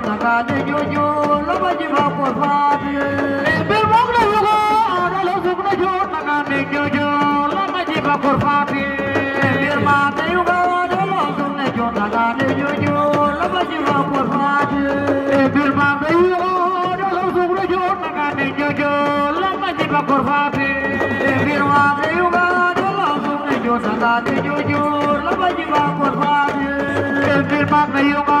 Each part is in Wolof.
takade jojo loba jiba ko faade be mogna yugo ara lo sugna jo takade jojo loba jiba ko faade be ma te yugo ara lo sugna jo takade jojo loba jiba ko faade be ma te yugo ara lo sugna jo takade jojo loba jiba ko faade be ma te yugo ara lo sugna jo takade jojo loba jiba ko faade be ma te yugo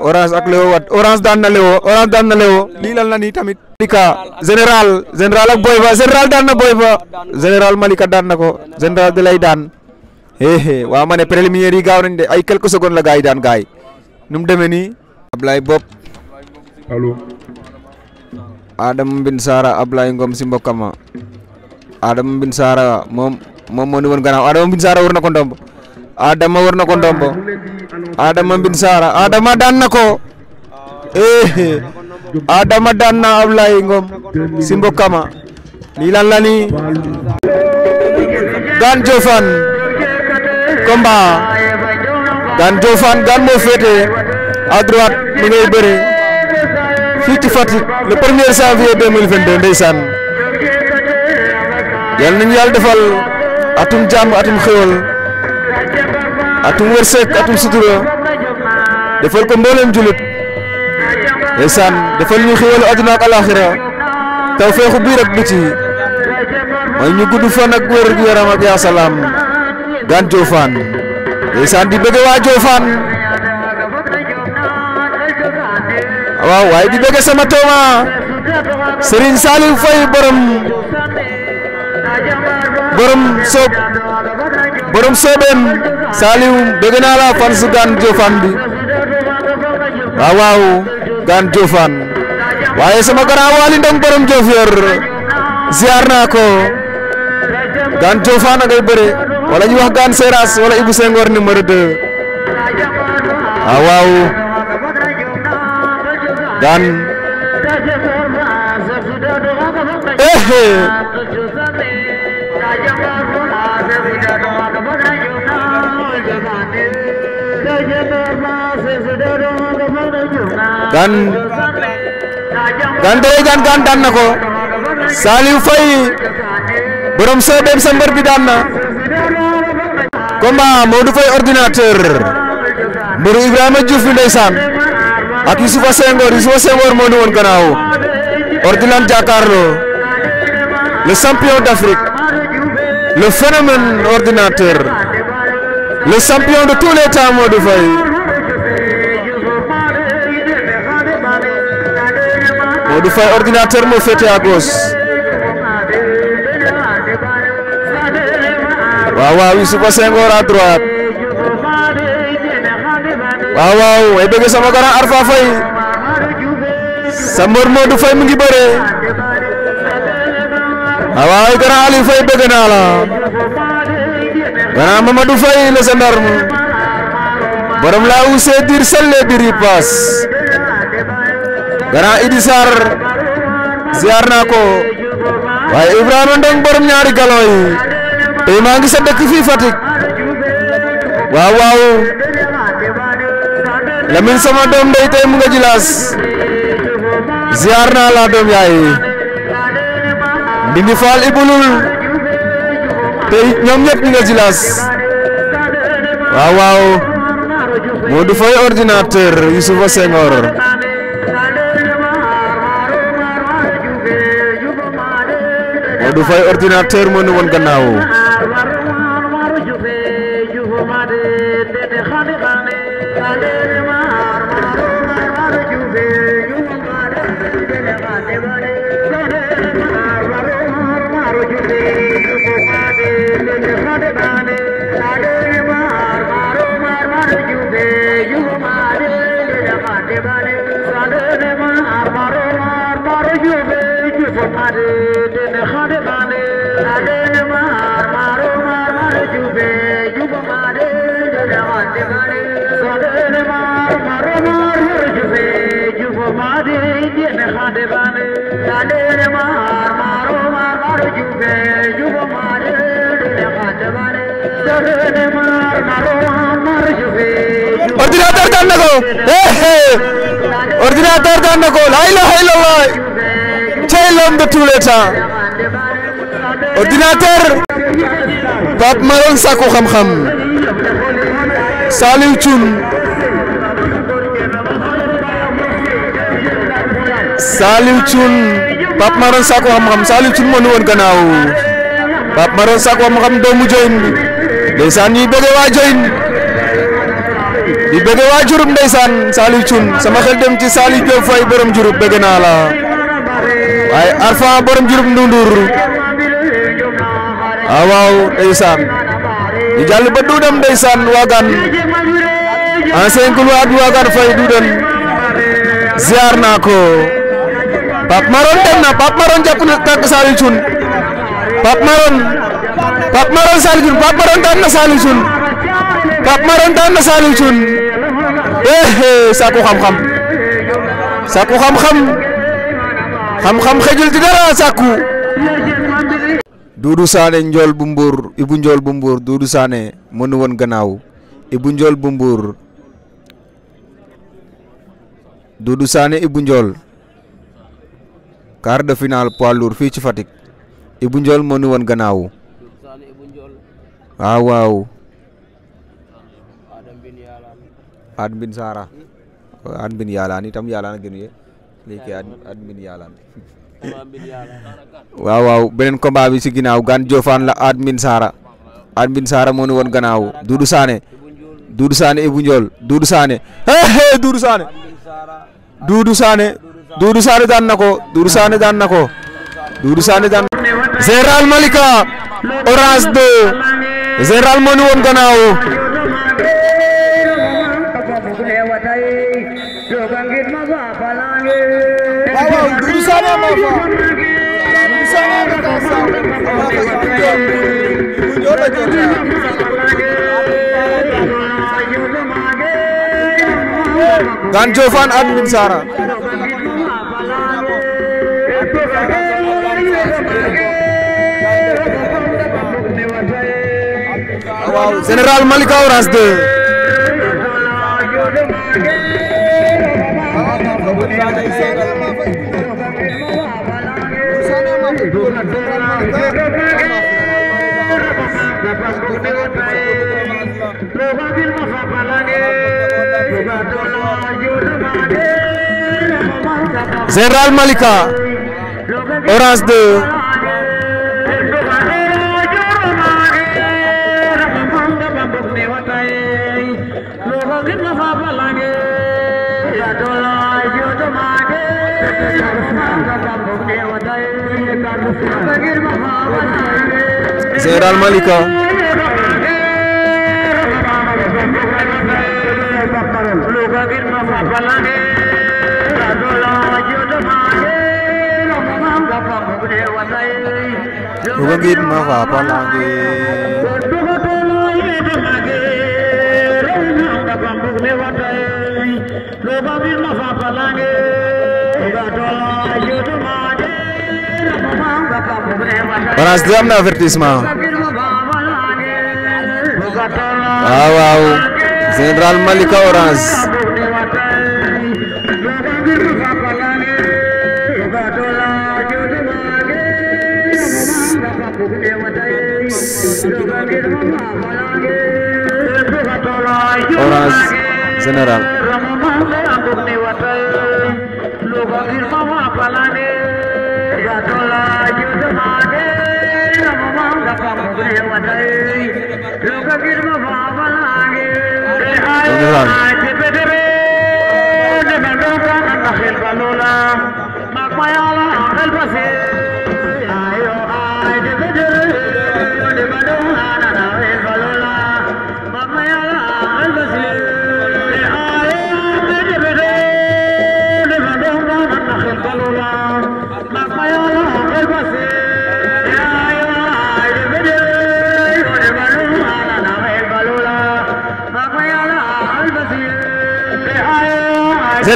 orange ak Léo Wade orange daan na Léo orange daan na Léo lii lan la nii tamit Malika général général ak Boy Ba général daan na Boy Ba général Malika daan na ko général da lay daan waaw ma ne préliminaire yi gaaw nañ de ay quelques secondes la gars daan gars yi mu demee nii. Ablaye Bopp. allo. Adama Mbine Sara Ablaye Ngom si mbokkama Adama Mbine Sara moom moom moo ni woon gannaaw Adama Mbine Sara war na ko ndombo Adama war na ko ndombo Adama Mbine Sara daan na Adama daan na Ablaye Ngom si mbokkama lii lan la nii. Gane combat dan jovan dan moo féete à droite mi ngay bëri fii ci Fatick le premier janvier 2022 ndeysaan yal nañu yàlla defal atum jam atum xewal atum wërsëg atum sutura defal ko mbooleem julit ndeysaan defal ñu xewal aduna ak alaxira tawfiq bi rek bu ci mooy ñu gudd fan ak wër ak yaram ak ya salam gan Diofane waaw waaye di bëgg sama tooma Serigne Saliou Faye borom borom soob borom naa la fan su gan Diofane bi waaw waaw gan waaye sama grand Waly Ndong borom Diofior ziar naa ko Gan jofana ngay beure wala ñu wax gan Seras wala Ibou Senghor numéro 2 ah waaw Dan eh Dan Gane Dore dan Gane dan na borom soo dem bi daan na combat Modou Faye ordinateur mbëru Ibrahima Diouf bi ndeysaan ak Youssoufa Senghor Youssoufa Senghor moo ñu woon ordinateur jàkkaarloo le champion d'Afrique le phénomène ordinateur le champion de tous les temps Modou Faye Modou Faye ordinateur moo féete à waaw wisu Youssoupha Senghor à droite waaw waaw sama grand Arfa fai. Sambor mbër Modou Faye bare. ngi bëre waaw waaw grand Aliou Faye mama naa la grand Mamadou Faye le gendarme borom la ouse dir selle bir yi paas grand Idi ziar nako. ko waaye Ibrahima Ndong nyari ñaari tey eh, maa ngi sa dëkk fii Fatick waaw waaw Lamine sama doom day tey mu nga jilaas ziar naa la doom yaay Ndindy Fall ibulul tey ñoom ñëpp ñu nga jilaas waaw waaw Modou Faye ordinateur Youssoufa Senghor Modou Faye ordinateur moo ne woon gannaaw you. ordinateur daan na ko ordinateur daan na ko laa ilaaha illallah cey lombe tuule temps ordinateur Pape Maron sakku xam-xam Saliou Thioune Saliou Thioune Pape Maroon Sakho xam-xam Saliou Thioune moo nu woon gannaaw Pape Maroon Sakho xam doomu Joyin bi ndeysaan ñuy bëgg waa Joyin di bëgg waa Diouroup ndeysaan Saliou Thioune sama dem ci Saliou Diop Faye borom Diouroup bëgg naa la waaye Arfan borom Diouroup Ndundur waaw ah, waaw ndeysaan ñu jàll ba duudam ndeysaan waagaan ancien couloir bi waagaan Faye duudam ziar naa ko Pape Maron dem kan na Pape Maron jàpp na tànn Saliou Thioune Pape Maron Pape Maron Saliou Thioune Pape Maron tànn na Saliou Thioune Maron tànn na Saliou Thioune eh, eh sakku kham-kham, sakku kham-kham, kham-kham xejul ci dara sakku. Doudou Sané njool bumbur, Mbour Ibou njool bu Mbour Doudou Sané mënu woon gannaaw Ibou njool bu Mbour Doudou Sané Ibou quart de finale poids lourd fii ci Fatick Ibou Ndiol moo ñu woon gannaaw ah, waaw waaw ad bin saara ad bin yaalaan itam yaalaan a gën yee léegi ad bin yaalaan waaw waaw beneen combat bi si ginnaaw gan Jofaan la ad bin saara ad bin saara moo ñu woon gannaaw Doudou Sané Doudou Sané Ibou Ndiol Doudou Sané Doudou Sané Doudou Sané Doudou Sané daan na ko Doudou Sané daan na ko Doudou Sané Malika Orange 2 Général moo ñu woon gannaaw waaw Doudou Sané ma fa Doudou Sané ma waaw général Malika Oras 2 général Malika Orange 2 Général Malika Rugangit mawa palagi Rugangit mawa palagi Panas diam na advertisement Wow wow General Malika Orange general.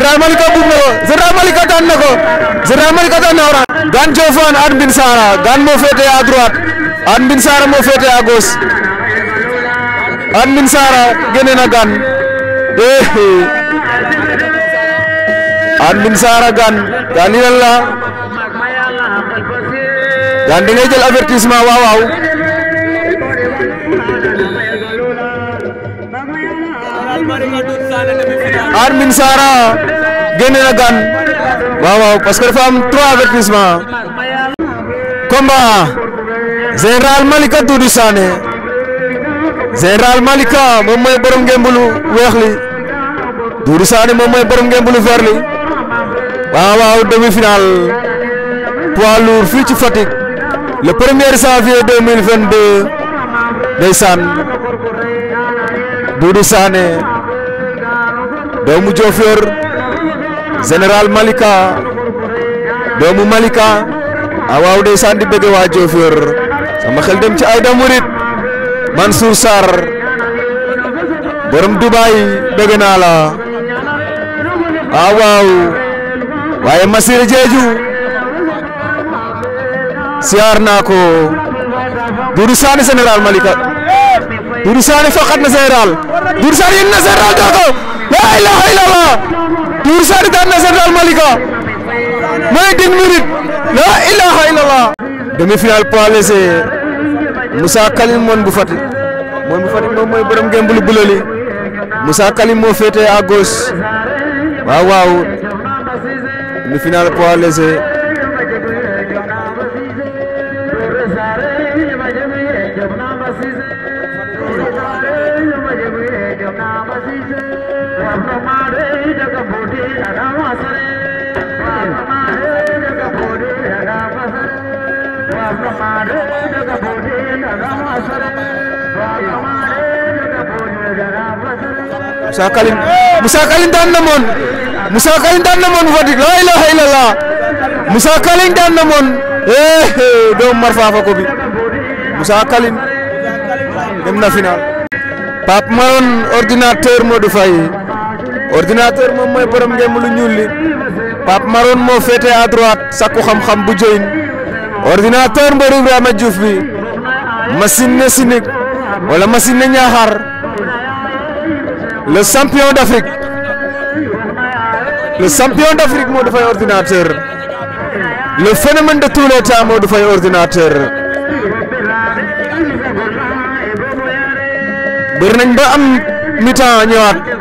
Général Malika buub na ko moo féetee à droite Hann Binsara moo féetee à gauche Hann Binsara génne na Gane Hann Binsara génne na gan waaw waaw parce que dafa am trois avertissement combat général Malika Doudou Sané général Malika moom mooy borom ngembulu weex li Doudou Sané moom mooy borom ngembulu vert li waaw waaw demi-finale poids lourd fii ci Fatick le premier janvier 2022 ndeysaan Doudou Sané doomu Diofior général Malika doomu Malika ah waaw ndeysaan di bëgg waa Diofior sama xel dem ci Ayda Murit Mansour borom Dubaay bëgg naa la ah waaye Massiré Diédhiou siyaar naa ko Doudou Sané Malika Doudou faqat na général Doudou Sané yéen na la ilaha illallah Dour Sane daan na Général Malika mooy dix minutes la ilaha illallah demi-finale point laissé Moussa Kalim moon bu moon bu Fatick moom mooy borom ngeen bulu bulali Moussa Kalim moo féetee à demi-finale point laissé Moussa Kaline Moussa Kaline daan na moon Moussa Kaline daan na moon Fatick la ilaha illallah Moussa Kaline daan na moon eh, eh doomu Mar Fafaco bi Moussa Kaline dem na final Pape Maron ordinateur Modou Faye ordinateur moom mooy borom ngeen lu ñuul li Pape Maron moo féete à xam-xam bu joyin ordinateur mbër Ibrahima Diouf bi machine ne sinig wala machine ne ñaaxaar le champion d'Afrique le champion d'Afrique Modou Faye ordinateur le phénomène de tous les temps Modou Faye ordinateur bëri nañ ba am mi-temps ñëwaat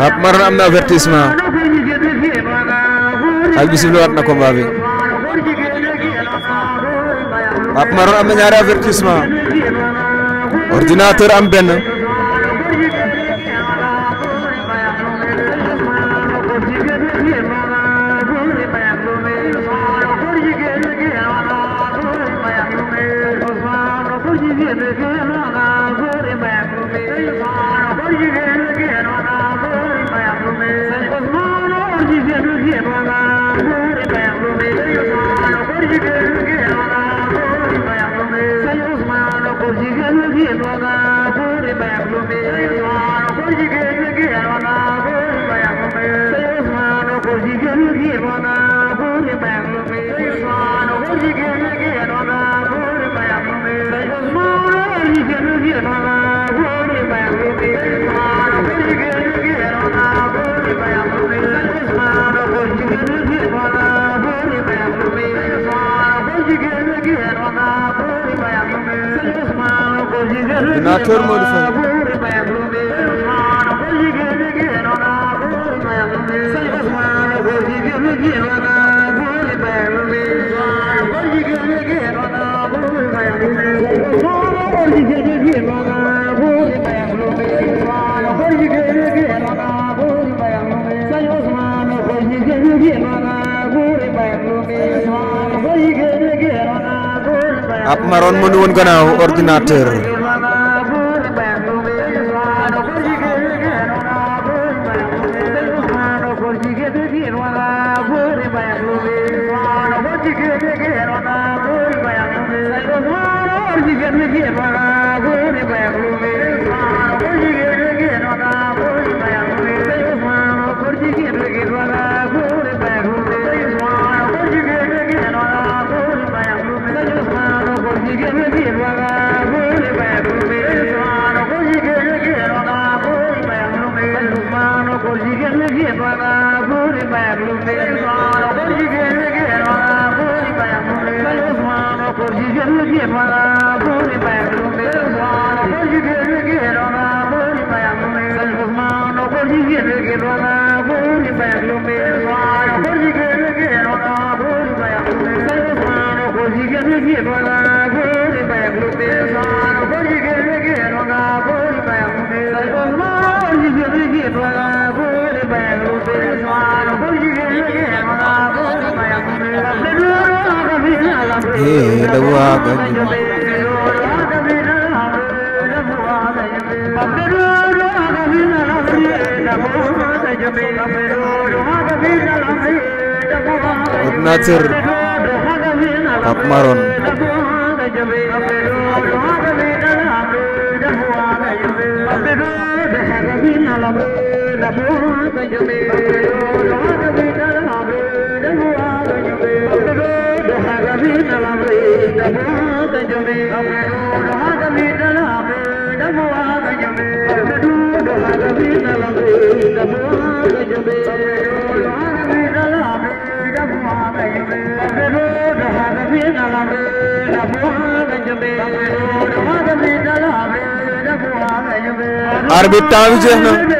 waaw mar na am na avertissement ak bisimilah waat na combat bi Pape Maroon am na ñaari avertissement ordinateur am benn. Amatör mü herif? ab maroon mënu woon gannaaw ordinateur 真的结婚了。கடுவாகஞ்சு Nacer Pap Maron Arbitrário de Hernandes.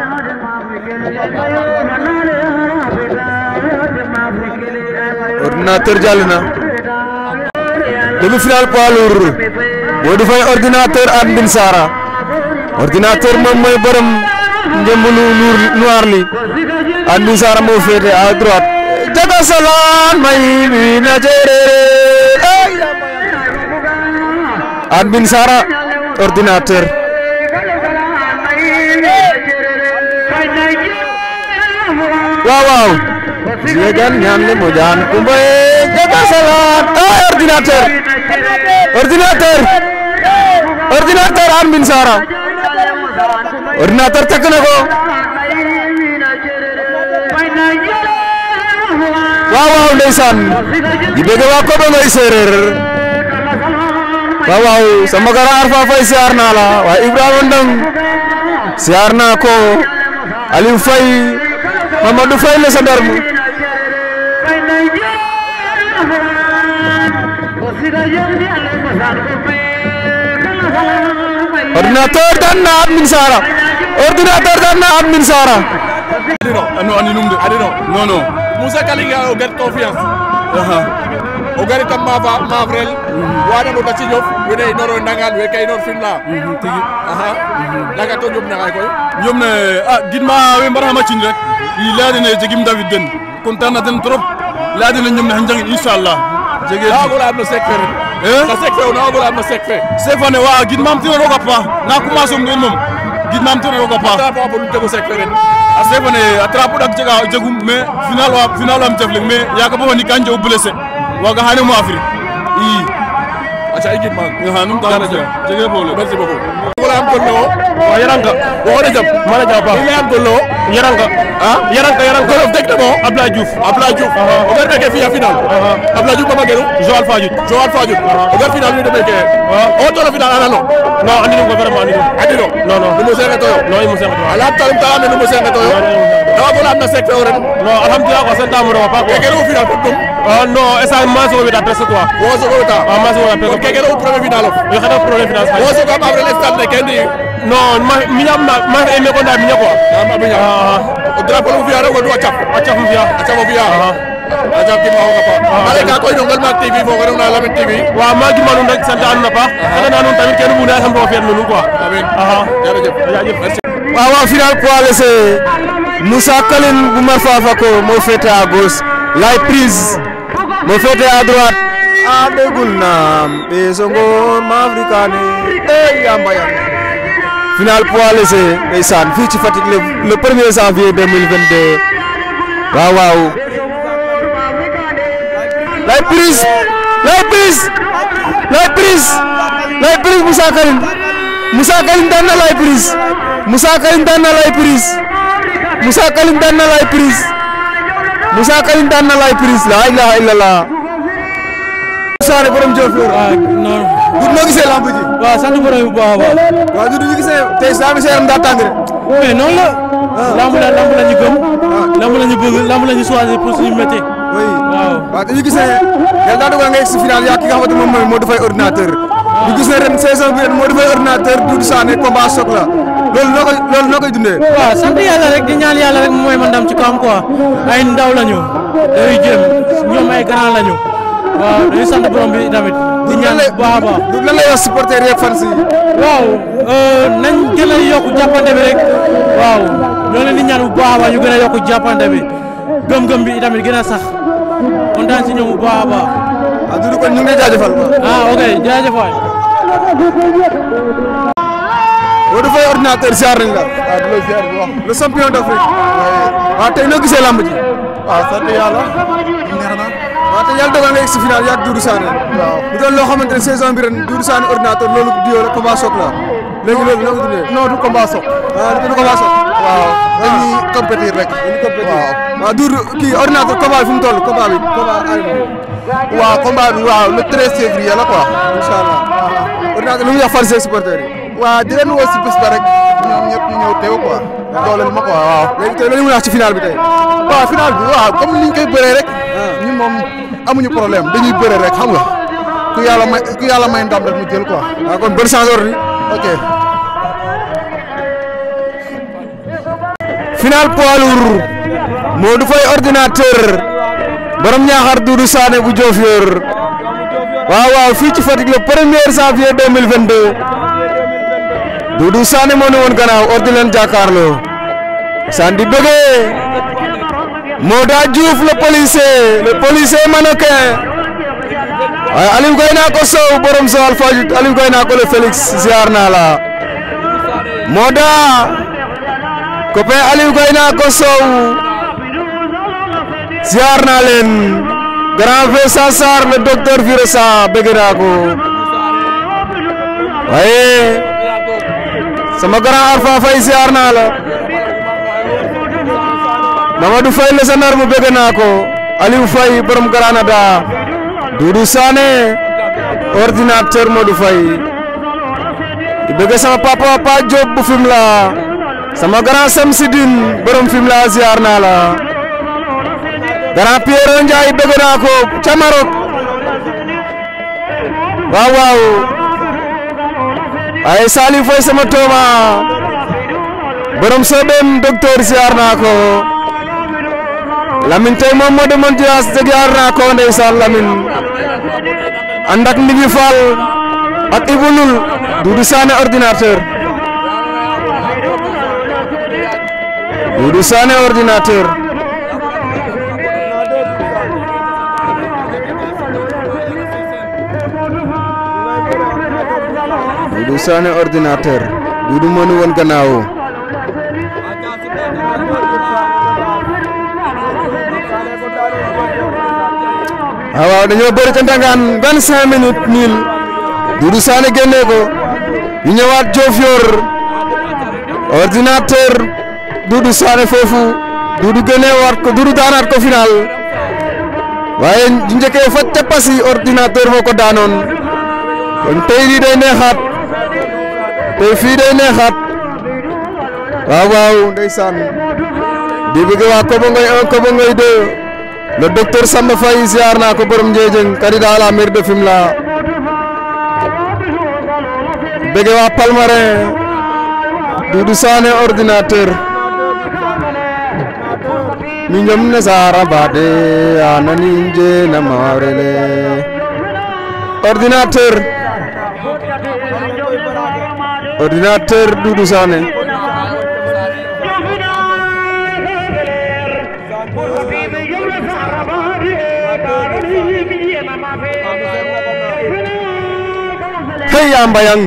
ordinateur jàll na demi-finale poids lourd Modou Faye ordinateur ak Mbine Sara ordinateur moom mooy borom njëmb lu noir li ak Mbine Sara moo féete à jaga salaan may bi na jërëre ak Mbine ordinateur waaw waaw léegan ñaan le mojaan kumba e jaga salaan ay ordinateur ordinateur ordinateur an bin sara ordinateur takk na ko waaw waaw ndeysaan i bëgg waa ko ba ngay séeréer waaw waaw sama gara Arfa Faye siyaar naa la waaye Ibrahima Ndang siyaar naa ko Aliou Faye Mamadou Faye la gendarme ordinateur daan na Admin Sara ordinateur daan na Admin Sara adino ano aninum de adino non non Moussa Kalinga o get confiance uh-huh. o gari tam mafrel wana ɗota siñof wene inoro ndangan we ka inor fimla tigi laga mhm. to ñom naxay koy ñom ne a ah, gidma we mbaraxama cin rek i leya dene jegim david den content na trop leya dene ñom ne xa njangin inchallah jege na wago leyam no sec fe ren no eh? sec fe ona wago leyam no sec fe na commencer um ngeen moom gidmam tino roga paax tapapolum tego sec fe ren a sec fe ne a trapo ɗak jega jegum mais final wa final wam jef leng mais waga hani mo afrique i aca i gidman hanum taxa jega problème merci beaucoup gollo o yaranka waxo na jam mana jam ba yam gollo yaranka ah yaranka yaranka gollo dekte bo abla diouf abla diouf o gar beke fiya final abla diouf bama geru joal fadiouth joal fadiouth o gar final ni debeke o toro final anano non andi dum ko vraiment andi dum andi dum non non dum sere to yo non mo sere to ala talim ta amene mo sere to yo dawa bola amna sekte o ren non alhamdulillah ko santa mo do pa ko geru final ko dum ah non esa maso ko beta presse toi wo so ko beta ah maso ko beta ko geru premier final yo xana premier final wo so ko amre le stade de ni non ma miñam ma ma e me ko nda miña ko ma o drapeau mo fiya rek wadu acap acap pa ale ka koy nongal ma tv fo ko pa ah, ah. xana na non tamit kenn ah, bu na xam ko moo féete à lay prise moo féete à a ɓegul naam ɓe songor ma africane e yamba yamba final poids léger ndeysaan fii ci Fatick le le premier janvier 2022 waaw waaw lay prise lay prise lay prise lay prise Moussa Karim Moussa Karim daan na lay prise Moussa Karim daan na lay prise Moussa Karim daan na lay prise daan na lay prise la ilaha illallah Moussa waaw sant borom bu baax a baax. waaw ñu ngi gisee tey saa mi seeram daa tàng rek. mais noonu ah. gëm. waaw ah. lamb la ñu bëgg lamb la ñu choisir pour suñu métier. oui waaw waaw yaa ki nga xamante moom mooy Modou Faye ordinateur. Ah. ñu gis ne ren saison bi ren Modou Faye ordinateur Doudou Sané combat choc la loolu noo koy loolu noo koy dundee. rek di ñaan yàlla rek mooy ma ndam ci kawam quoi ay ndaw lañu. dañuy jéem ñoom ay grand lañu. waaw dañuy sant borom bi tamit. di ñaan bu baax a baax lan lay wax supporter waaw euh, nañ gën a yokk jàppante bi rek waaw ñoo leen di bu baax a baax ñu gën a yokk jàppante bi gëm-gëm bi itamit gën a sax kontaan si ñoom bu baax a baax. ah Doudou kon ñu ngi lay jaajëfal. ah ok jaajëf waay. boo dafay ordinateur ziar nañ la. waaw ah, di la ziar bu ah, tey noo gisee lamb waaw te yàlla dogal nga egg si final yaag Doudou Sané waaw bu doon loo xamante ne saison bi ren Doudou Sané ordinateur loolu duo la combat soog la léegi loolu noo ko dundee non du combat soog waaw ah, du combat soog waaw ah. dañuy compétir rek dañuy compétir waaw waaw Doudou kii ordinateur combat bi fu mu toll combat bi combat ay waaw combat bi waaw le 13 février la quoi incha allah ordinateur lu mu wax fan ses supporters yi waaw di leen woo si bés ba rek ñoom ñëpp ñu ñëw teew quoi ah. dooleel ma quoi waaw léegi tey loolu mu wax ci final bi tey waaw final bi waaw comme ni ñu koy bëree rek ñun moom amuñu problème dañuy bëre rek xam nga ku yàlla may ku yàlla may ndam rek mu jël quoi. waaw kon bonne chance Orly ok. final poids lourd Modou Faye ordinateur borom ñaaxar Doudou Sané bu Diofior waaw waaw fii ci Fatick le premier janvier 2022 Doudou Sané moo ne woon gannaaw ordi leen jàkkaarloo sandi bëggee Moda Diouf le policier le policier mannequin waaye Aliou naa ko sow borom Joal Fadiouth Aliou naa ko le Félix ziar naa la Moda copain Aliou Gueye naa ko sow ziar naa leen grand Vincent Sarr le docteur Virosa bëgg naa ko waaye sama grand Alpha Faye ziar naa la. Mamadou Faye le gendarme bëgg naa ko Aliou Faye borom Granada Doudou Sané ordinateur Modou Faye di bëgg sama papa Pa bu fim la sama grand Sam Sidine fim la ziar naa la grand Pierre Ndiaye bëgg naa ko ca Maroc waaw waaw ay Saliou Faye sama tooma borom Sobem docteur ziar naa ko Lamine tey moom moo demoon Djilass te jaar naa ko ndeysaan Lamine ànd ak Ndingi Fall ak Ibou Loul Doudou Sané ordinateur Doudou Sané ordinateur Doudou Sané ordinateur Doudou moo ñu woon gannaaw waaw ah, waaw dañoo bëri ca Ndangaan vingt cinq minutes niil Doudou Sané génnee ko ñu ñëwaat Diofior ordinateur Doudou Sané foofu Doudou génneewaat ko Doudou daanaat ko final waaye ñu njëkkee fa cappasi ordinateur moo ko daanoon kon tey lii day neexaat tey fii day neexaat waaw waaw ndeysaan di bëgg waa Kobo Ngoy 1 Kobo le docteur Samba Faye ziar naa ko borom Ndiédiène candidat à la mairie de Fimela bëgg waa Palmarin Doudou Sané ordinateur mi ñoom ne saara baade anani je na maarele ordinateur ordinateur Doudou Sané yamba yang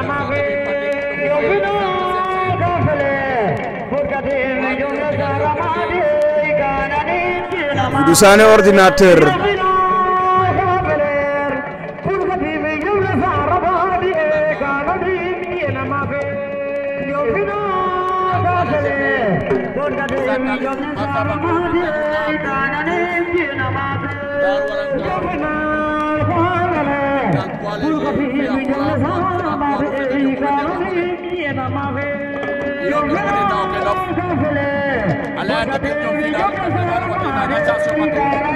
Thank you. Doudou Sané ordinateur يوم يبني دعوة كلف على أن بيتهم في دعوة كلف وكنا نسع سمته نجو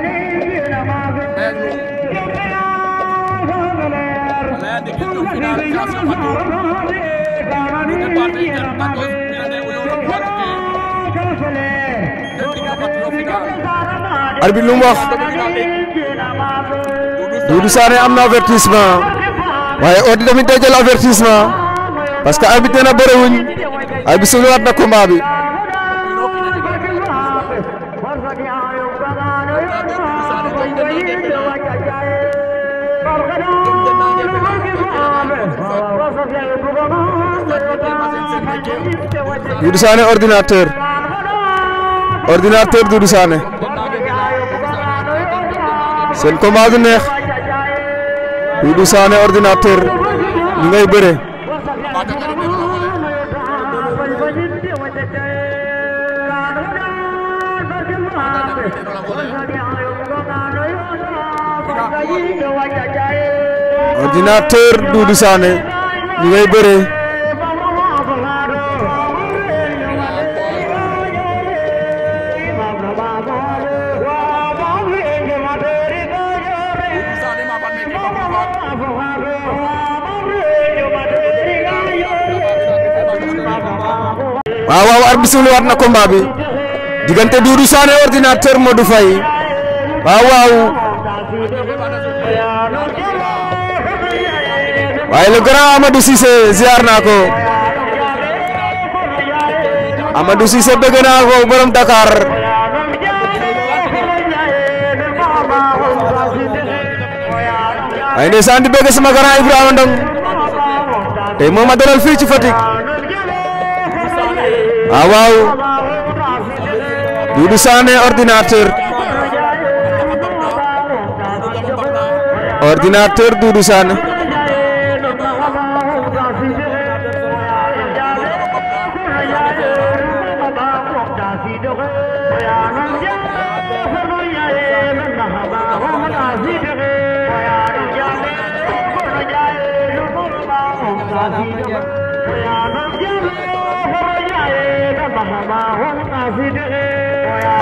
على أن بيتهم في دعوة نسع سمته نتبارد جرمت وزمنا ويورم فرقه نتبارد فتلو في دعوة أربي لومخ Doudou Sané am na avertissement waaye Odou tamit day jël avertissement parce que arbitre na bëre wuñ अभी भी आई बी सुनो आपका खुमाबी दुरुसाने ऑर्डिनेटर ऑर्डिनेटर दुरुसाने सेल्को माजने दुरुसाने ऑर्डिनेटर नहीं बेरे dina teur du du Sané ñu ngay béré waaw waaw arbitre bisul waat na combat bi diggante Doudou Sané ordinateur Modou fay waaw waaw waaye le grand Amadou Cissé ziar naa ko Amadou Cissé bëgg borom Dakar waaye ndeysaan di bëgg sama grand Ibrahima Ndong tey moo ma dalal fii ci Fatick waaw ah, waaw Doudou Sané ordinateur ordinateur Doudou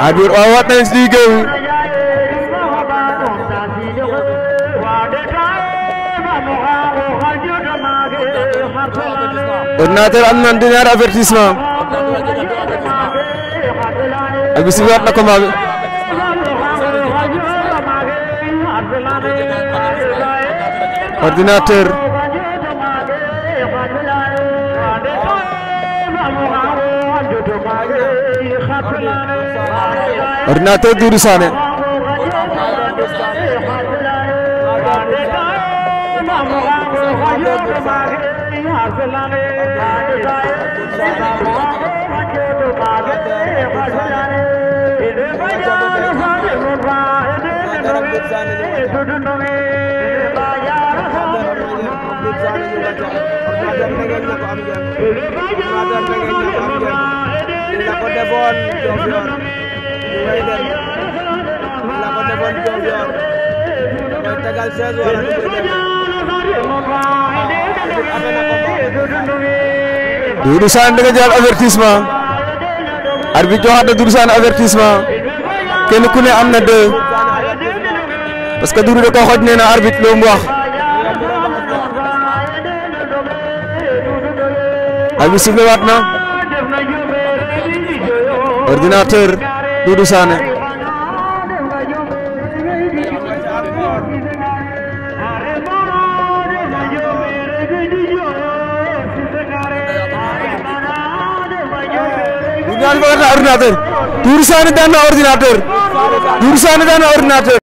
Adur awat dan sedikit. Ordinateur am na dernier avertissement. ak bisi waat na combat bi. Ordinateur. Renate Durisane. Ada Mbaye Deme la ko defoon Diouf yor mooy tegal 16 wala du koy def kenn ku ne am na deux parce que Doudou da nee na arbitre lu wax arbitre sifflé waat na ordinateur Doudou Sané ordinateur Doudou Sané Dursanı na ordinateur Doudou Sané daan